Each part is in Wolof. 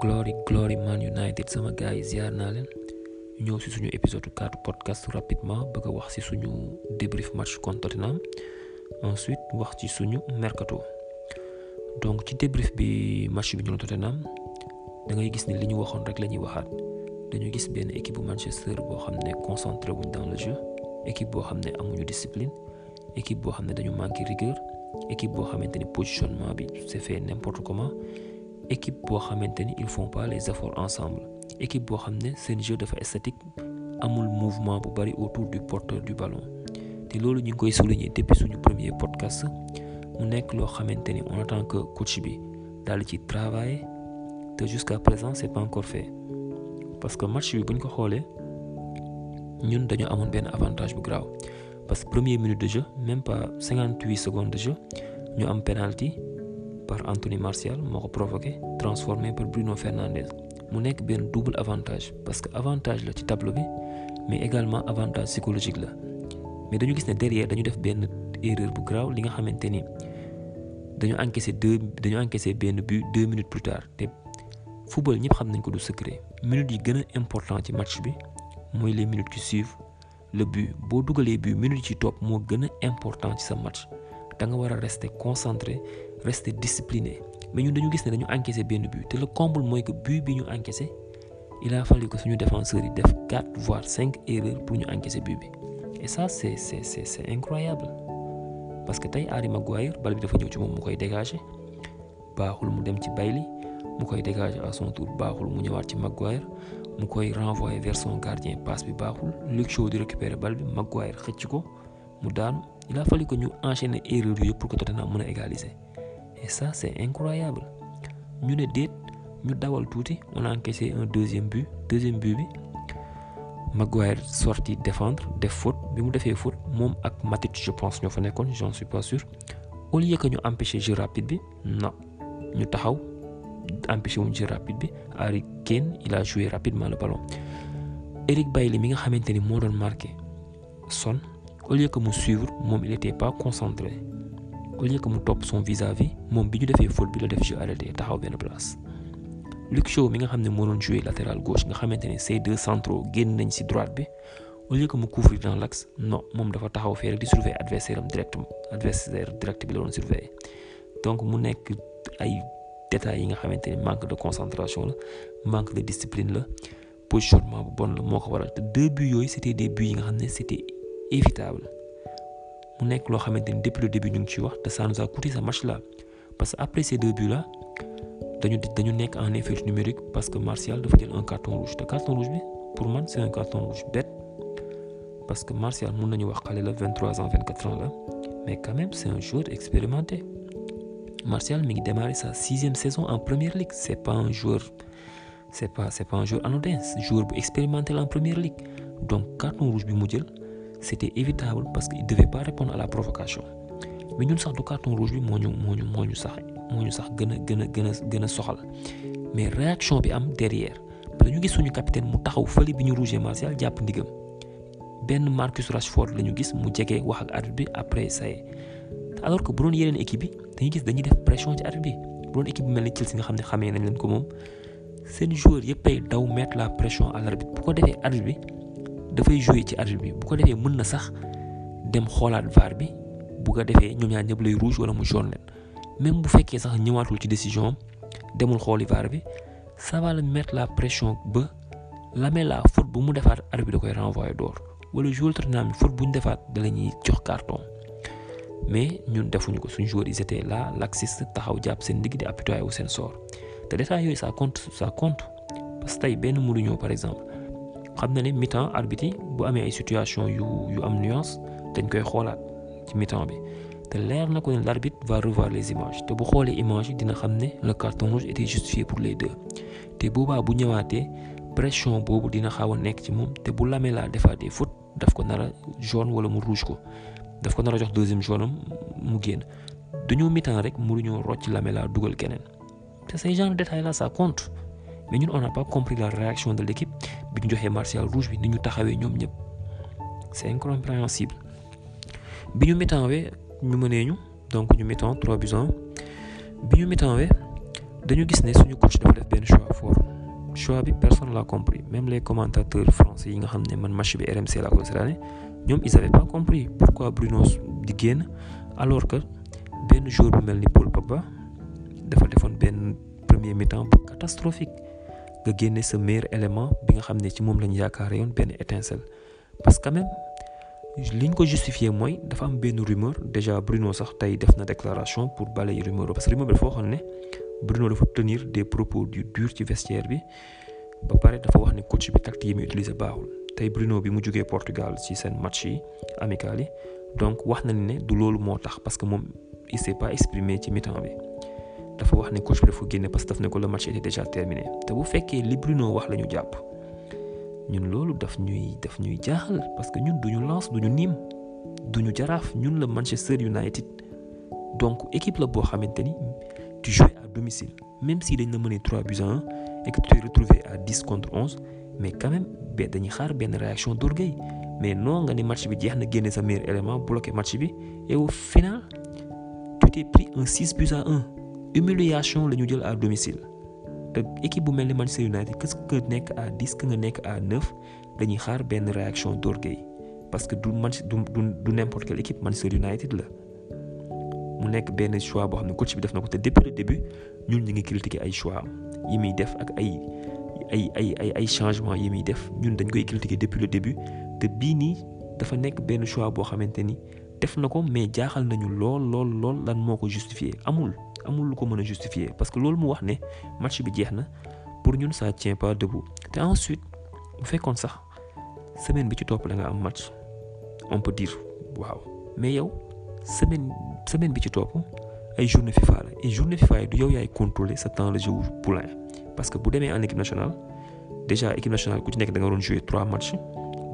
glory glory man united sama gars yi naa leen ñëw si suñu épisode 4 podcast rapidement bëgg a wax si suñu débrief match contre Tottenham ensuite wax ci suñu mercato donc ci débrief bi match bi ñu doon Tottenham ngay gis ni li waxoon rek la ñuy waxaat dañu gis benn équipe bu Manchester boo xam ne concentré wuñ dans le jeu équipe boo xam ne amuñu discipline équipe boo xam ne dañu manqué rigueur équipe boo xamante ni positionnement bi c'est fait n'importe comment équipe boo xamante ni ils font pas les efforts ensemble équipe boo xam ne seen jeu dafa esthétique amul mouvement bu bari autour du porteur du ballon te loolu ñu ngi koy souligner depuis suñu premier podcast mu nekk loo xamante ni on attend que coach bi daal ci travailler te jusqu'à présent c'est pas encore fait parce que match bi buñ ko xoolee ñun dañoo amoon benn avantage bu graaw parce que première minute de jeu même pas cinquante de jeu ñu am penalty par Anthony Martial moo ko provoqué transformé par Bruno Fernandes mu nekk benn double avantage parce que avantage la ci tableau bi mais également avantage psychologique la mais dañu gis ne derrière dañu def benn erreur bu grave li nga xamante ni dañu encaissé deux dañu encaissé benn but deux minutes plus tard te football ñëpp xam nañ ko du secret minutes yi gën a important ci match bi mooy les minutes qui suivent le bu boo dugalee but minutes yi ci topp moo gën a important ci sa match da nga war rester discipliné mais ñun dañu gis ne dañu encaissé benn but te le comble mooy que but bi ñu encaissé il a fallu suñu défenseurs yi def quatre voire cinq erreurs pour ñu encaissé but bi e ça c'est c'est c'est c'est incroyable parce que tey Harry Maguire bal bi dafa ñëw ci moom mu koy dégager baaxul mu dem ci li mu koy dégager à son tour baaxul mu ñëwaat ci Maguire mu koy renvoyer vers son gardien passe bi baaxul Luke Shaw di récupérer bal bi Maguire xëcc ko mu daanu il a ko ñu enchaîner erreur yooyu yëpp pour que mën a Et ça, c'est incroyable. ñu ne déet ñu dawal tuuti on a encaissé un deuxième but deuxième but bi Maguire sorti défendre def faute bi mu defee faute moom ak Matic je pense ñoo fa nekkoon j'en suis pas sûr au que ñu empêcher jeu rapide bi non ñu taxaw empêcher wuñ jeu rapide bi Harry Kane il a joué rapidement le ballon Eric Bailly mi nga xamante ni moo doon marqué Son au mu suivre moom il était pas concentré au lieu que mu topp son vis à moom bi ñu defee faute bi la def jeu arrêté taxaw benn place Luke Shaw mi nga xam ne moo doon jouer latéral gauche nga xamante ne ces deux centraux génn nañ ci droite bi au lieu que mu couvrir dans l'axe non moom dafa taxaw fee di surveiller adversaire am direct adversaire direct bi la doon surveiller donc mu nekk ay détails yi nga xamante ne manque de concentration la manque de discipline la positionnement bu bon la moo ko waral te deux buts yooyu c'était yi nga xam ne c'était évitable mu nekk loo xamante ni depuis le début ñu ngi ciy wax te ça nous a coûté ce match là parce que après ces deux dañu dañu nekk en effet numérique parce que Martial fa jël un carton rouge te carton rouge bi pour man c'est un carton rouge bête parce que Martial mun nañu wax xale la 23 ans 24 ans la mais quand même c'est un joueur expérimenté Martial mi ngi démarrer sa sixième saison en première ligue c'est pas un joueur c'est pas un joueur anodin la en première ligue donc bi mu jël. c'était évitable parce qu'il devait pas répondre à la provocation mais ñun sax du carton rouge bi moo ñu moo ñu moo ñu sax ñu sax gën a gën a gën a gën a soxal mais réaction bi am derrière parce que ñu gis suñu capitaine mu taxaw fële bi ñu rougé Martial jàpp ndigam benn Marcus Rashford la ñu gis mu jege wax ak arbitre bi après ça alors que bu doon yeneen équipe bi dañuy gis dañuy def pression ci arbitre bi bu doon équipe bi mel ni Chelsea nga xam ne xamee nañ leen ko moom seen joueur yëppay daw mettre la pression à l'arbitre ko defee arbitre bi dafay jouer ci arbitre bi bu ko defee mën na sax dem xoolaat VAR bi bu ko defee ñoom ñaar ñëpp lay rouge wala mu jaune leen même bu fekkee sax ñëwaatul ci décision am demul xooli VAR bi ça va le mettre la pression ba Lamela faute bu mu defaat bi da koy renvoyer door wala joueur Tottenham bi faute bu ñu defaat da la ñuy jox carton mais ñun defuñu ko suñ joueur ils étaient là laxiste taxaw jàpp seen digg di apitoyer wu seen sort te détails yooyu ça compte sa compte parce que tey benn Mourinho par exemple. xam na ne mi-temps arbitre bu amee ay situation yu am nuance dañ koy xoolaat ci mi bi te leer na ko ne l'arbitre va revoir les images te bu xoolee image yi dina xam ne le carton rouge était justifié pour les deux te boobaa bu ñëwaatee pression boobu dina xaw a nekk ci moom te bu Lamela defaatee faute daf ko nara a jaune wala mu rouge ko daf ko nar a jox deuxième jaune am mu génn dañoo mi-temps rek mënuñoo rocc Lamela dugal keneen te ces genre de détail là ça compte mais ñun on n'a pas compris la réaction bi ñu joxee martial rouge bi ni ñu taxawee ñoom ñëpp c' est incompréhensible bi ñu mitanwee ñu mënee ñu donc ñu mitan trois buts bi ñu mitanwee dañu gis ne suñu coach dafa def benn choix fort choix bi personne l'a compris même les commentateurs français yi nga xam ne man match bi RMC laa ko ñoom ils avaient pas compris pourquoi Bruno di génn alors que benn jour bu mel ni Paul Pogba dafa defoon benn premier mi-temps bu catastrophique nga génne sa meilleur élément bi nga xam ne ci moom lañ yaakaare yoon benn étincelle parce que quand même liñ ko justifié mooy dafa am benn rumeur déjà Bruno sax tey def na déclaration pour balayer rumeur parce que rumeur bi dafa waxoon ne Bruno dafa tenir des propos du dur ci vestiaire bi ba pare dafa wax ne coach bi tactique yi muy utiliser baaxul tey Bruno bi mu jógee Portugal ci seen match yi amical yi donc wax na ne du loolu moo tax parce que moom il s'est pas exprimé ci mi bi. dafa wax ne coach bi dafa génne parce que daf ne ko le match déjà terminé te bu fekkee li Bruno wax la ñu jàpp ñun loolu daf ñuy daf ñuy jaaxal parce que ñun duñu Lens duñu Nîmes duñu Jaraaf ñun la Manchester United donc équipe la boo xamante ni tu joues à domicile même si dañ la mënee 3 buts à 1 et tu t'es retrouvé à 10 contre 11 mais quand même ba xaar benn réaction d'orgueil mais non nga ne match bi jeex na génne sa meilleur élément bloqué match bi et au final humiliation la ñu jël à domicile te équipe bu mel ni Manchester United que que nekk à dix nga nekk à neuf dañuy xaar benn réaction d'orgueil parce que du man du du du n'importe quelle équipe Manchester United la mu nekk benn choix boo xam ne coach bi def na ko te depuis ñun ñu ngi critiquer ay choix yi muy def ak ay ay ay ay ay changements yi muy def ñun dañ koy critiquer depuis le début te nii dafa nekk benn choix boo xamante ni def na ko mais jaaxal nañu lool lool lool lan moo ko justifier amul. amul lu ko mën a justifier parce que loolu mu wax ne match bi jeex na pour ñun ça tient pas debout te ensuite bu fekkoon sax semaine bi ci topp la nga am match on peut dire waaw mais yow semaine semaine bi ci topp ay journée FIFA la et journée FIFA du yow yaay contrôler sa temps de jeu poulain parce que bu demee en équipe nationale déjà équipe nationale ku ci nekk da nga waroon jouer trois matchs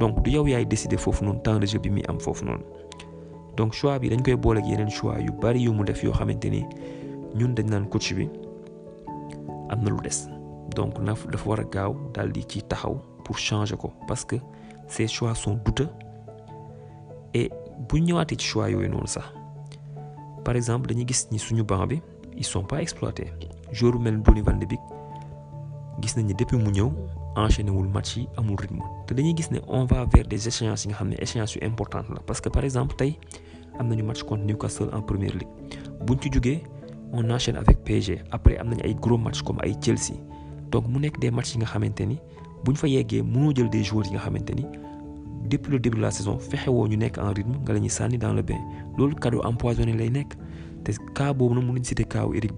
donc du yow yaay décider foofu noonu temps de bi muy am foofu noonu donc choix bi dañ koy boole ak yeneen choix yu bari yu mu def yoo xamante ni. ñun dañ naan coach bi am na lu des donc na dafa war a gaaw daal di ci taxaw pour changer ko parce que ces choix sont douteux et bu ñëwaatee ci choix yooyu noonu sax par exemple dañuy gis ni suñu banc bi ils sont pas exploités jour mel Donny Van de Beek gis nañ ni mu ñëw enchaîné wul match yi amul rythme te dañuy gis ne on va vers des échéances yi nga xam ne échéances yu importantes la parce que par exemple tey am nañu match contre Newcastle en première ligue buñ ci jógee on enchaîne avec PSG après am nañu ay gros match comme ay Chelsea donc mu nekk des matchs yi nga xamante ni bu ñu fa yeggee mënoo jël des joueurs yi nga xamante ni depuis le début la saison fexewoo ñu nekk en rythme nga la sànni dans le bain loolu cadeau empoisonné lay nekk te cas boobu nag mënuñ citer cas wu Eric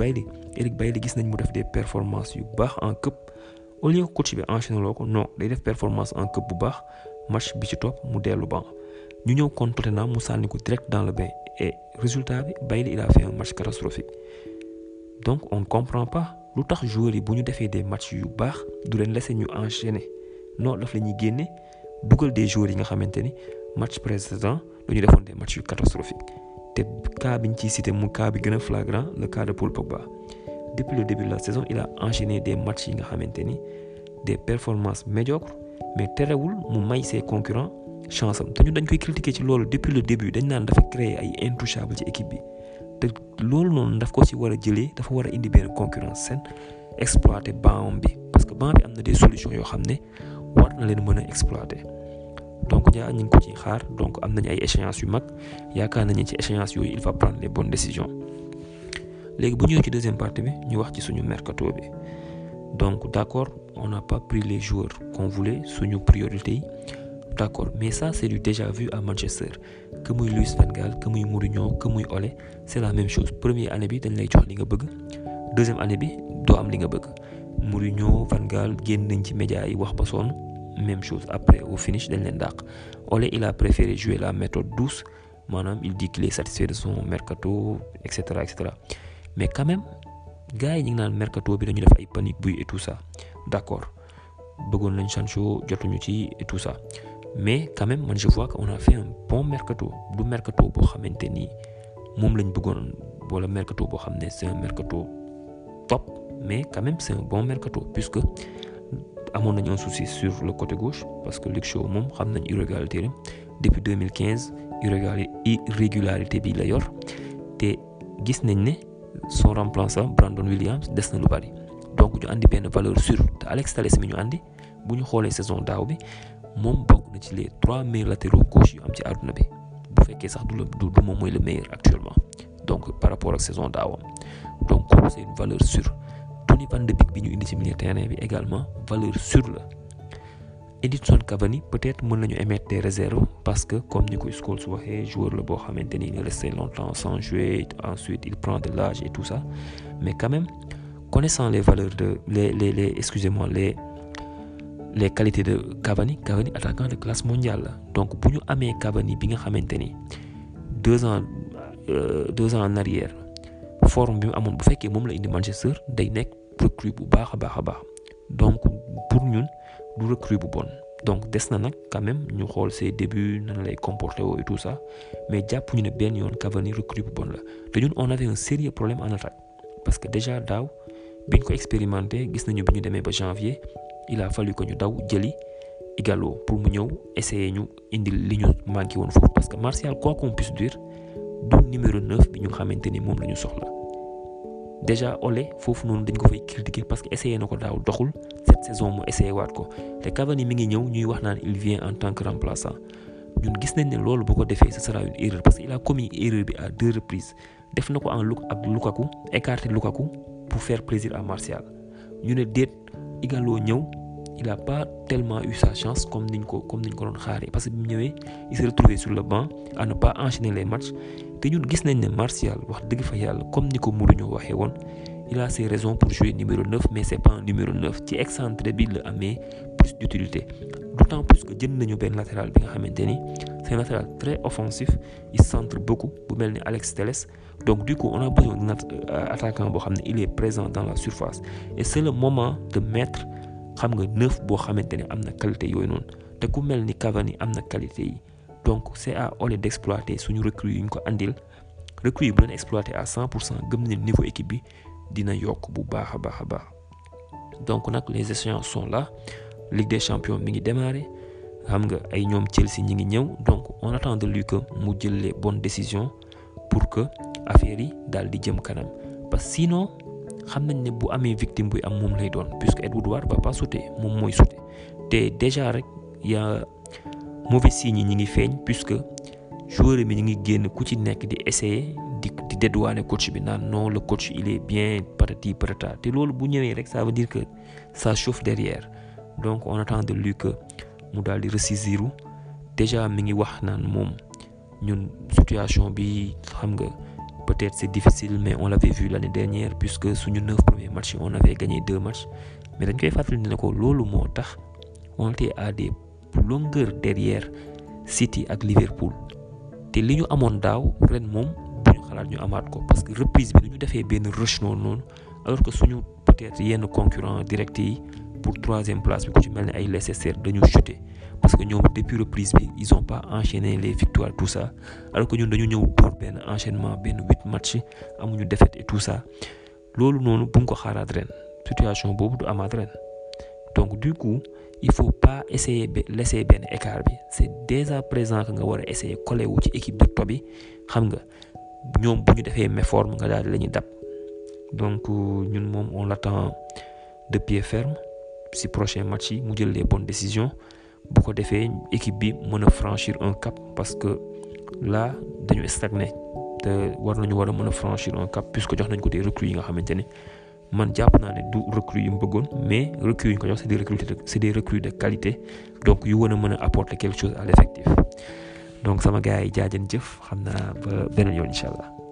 nañ mu def des performances yu baax en cup au lieu que coach bi enchaîné loo ko non day def performance en cup bu baax match bi ci topp mu dellu banc ñu ñëw contre Tottenham mu sànni ko direct dans le bain résultat bi Bailly il a fait un donc on ne comprend pas lu tax joueurs yi bu ñu defee des matchs yu baax du leen laisser ñu enchaîner noonu daf la ñuy génne dugal des joueurs yi nga xamante ni match précédent dañu defoon de matchs yu catastrophiques te cas bi ñu ciy cité mu cas bi gën a flagrant le cas de Paul Pogba depuis le début de la saison il a enchaîné des matchs yi nga xamante ni des performances médiocres mais terewul mu may ses concurrents chance am te ñu dañ koy critiquer ci loolu depuis le début dañ naan dafa créer ay intouchables ci équipe bi. te loolu noonu daf ko ci war a jëlee dafa war a indi benn concurrence seen exploiter banc bi parce que banc bi am na des solution yoo xam ne war na leen mën a exploiter donc jaa ñu ngi ko ci xaar donc am nañu ay échéances yu mag yaakaar nañu ci échéances yooyu il va prendre les bonnes léegi bu ñëwee ci deuxième partie bi ñu wax ci suñu mercato bi donc d'accord on n'a pas pris les joueurs qu'on suñu priorité yi d' accord mais ça c' est du déjà vu à Manchester que muy Luis Van Gaal que muy Mourinho que muy Ole c' la même chose première année bi dañ lay jox li nga bëgg deuxième année bi doo am li nga bëgg Mourinho Van Gaal génn nañ ci média yi wax ba sonn même chose après au finish dañ leen dàq Ole il a préféré jouer la méthode douce maanaam il dit qu'il est satisfait de son mercato et cetera et cetera mais quand même gars yi ñu ngi naan mercato bi dañu def ay panique buy et tout sa d' accord bëggoon nañ Sancho jotuñu ci et tout ça. mais quand même man je vois qu'on a fait un bon mercato du mercato boo xamante ni moom lañ bëggoon wala mercato boo xam ne c'est un mercato top mais quand même c'est un bon mercato puisque amoon nañ un souci sur le côté gauche parce que Luc Shaw moom xam nañ irrégularité la depuis 2015 irrégularité bi la yor te gis nañ ne son remplaçant Brandon Williams des na lu bari donc ñu andi benn valeur sûre te Alex Telles mi ñu andi bu ñu xoolee saison daaw bi moom bokk na ci les trois meilleurs latéraux gauche yu am ci àdduna bi bu fekkee sax du la du moom mooy le meilleur actuellement donc par rapport ak saison daawam donc kooku c'est une valeur sûre bi ñu indi ci milieu terrain bi également valeur sûre la Edinson Cavani peut-être mën nañu émettre des réserves parce que comme ni ko Scholes waxee joueur la boo xamante ni il est resté longtemps sans jouer ensuite il prend de l'âge et tout ça mais quand même connaissant les valeurs de les les excusez-moi les qualités de Cavani Cavani attaquant de classe mondiale la donc bu ñu amee Cavani bi nga xamante ni deux ans euh, deux ans en arrière forme bi mu amoon bu fekkee moom la indi Manchester day nekk recrue bu baax a baax a baax donc pour ñun du recrue bu bon donc des na nag quand même ñu xool ses débuts nan lay comporté woo et sax mais jàpp ñu ne benn yoon Cavani recrue bu bon la te ñun on avait un sérieux problème en attaque parce que déjà daaw biñ ko expérimenté gis nañu bi ñu demee ba il a fallu que ñu daw jëli Igalo pour mu ñëw essayer ñu indil li ñu manqué woon foofu parce que Martial quoi qu'on puisse dire du numéro 9 bi ñu xamante ni moom la ñu soxla déjà Ole foofu noonu dañ ko fay critiquer parce que essayé na ko daaw doxul cette saison mu essayé waat ko te Cavani mi ngi ñëw ñuy wax naan il vient en tant que remplaçant ñun gis nañ ni loolu bu ko defee ce sera une parce que il a commis erreur bi à deux reprises def na ko en l ak Lukaku écarté Lukaku pour faire plaisir à Martial ñu Igalo ñëw il a pas tellement eu sa chance comme niñ ko comme niñ ko doon xaaree parce que bi ñëwee il s'est retrouvé sur le banc à ne pas enchaîner les matchs te ñun gis nañ ne Martial wax dëgg fa yàlla comme ni ko Mourinho waxee woon il a ses raisons pour jouer numéro 9 mais c'est pas numéro ci excentré bi la amee plus d'utilité d'autant plus que jënd nañu benn latéral bi nga xamante ni c'est un latéral très offensif il centre beaucoup bu mel ni Alex Telles donc du coup on a besoin d'un euh, attaquant boo xam ne il est présent dans la surface et c'est le moment de mettre xam nga neuf boo xamante ne am na qualité yooyu noonu te ku mel ni Cavani am na qualité yi donc c'est à Ole d'exploiter suñu recrue yu ñu ko andil recrue yi bu leen exploiter à 100 pour cent gëm nañu niveau équipe bi dina yokk bu baax a baax a baax donc les échéances sont là. Ligue des champions mi ngi démarré xam nga ay ñoom Chelsea ñi ngi ñëw donc on attend de lui que mu jël les bonnes décisions pour que affaire yi daal di jëm kanam parce que sinon xam nañ ne bu amee victime buy am moom lay doon puisque Edouard War va pas sauter moom mooy sauter te déjà rek yaa mauvais signe yi ñi ngi feeñ puisque joueur mi ñu ngi génn ku ci nekk di essayer di di dédouaner coach bi naan non le coach il est bien patati patata te loolu bu ñëwee rek ça veut que ça chauffe derrière. donc on attend de lui que mu daal di ressaisir déjà mi ngi wax naan moom ñun situation bi xam nga peut-être c'est difficile mais on l'avait vu l'année dernière puisque suñu neuf premiers matchs on avait gagné deux mais dañ koy fàttali ne ko loolu moo tax on était à des longueurs derrière City ak Liverpool te li ñu amoon daaw ren moom bu ñu xalaat ñu amaat ko parce que reprise bi du ñu defee benn rush noonu noonu alors que suñu peut yenn concurrent direct yi. pour troisième place bi ku ci mel ne ay Leicester dañu chuté parce que ñoom depuis reprise bi ils ont pas enchaîné les victoires tout ça alors que ñun dañu ñëw pour benn enchaînement benn huit match amuñu défaite et tout ça loolu noonu bu ko xaaraat ren situation boobu du amaat ren donc du coup il faut pas essayer laisser benn écart bi c'est déjà présent que nga war a essayer collé wu ci équipe de top bi xam nga ñoom bu ñu defee méforme nga daal la ñuy dab donc euh, ñun moom on l'attend de pied si prochain match yi mu jël les bonnes décisions bu ko defee équipe bi mën a franchir un cap parce que là dañu stagné te war nañu war a mën a franchir un cap puisque jox nañ ko des recrues yi nga xamante ni man jàpp naa ne du recrues yu mu bëggoon mais recrues yi ñu ko jox c'est des recrues de c'est des recrues de qualité donc yu war a mën a apporter quelque chose à l'effectif donc sama gars yi jaajën jëf xam naa ba beneen yoon incha allah.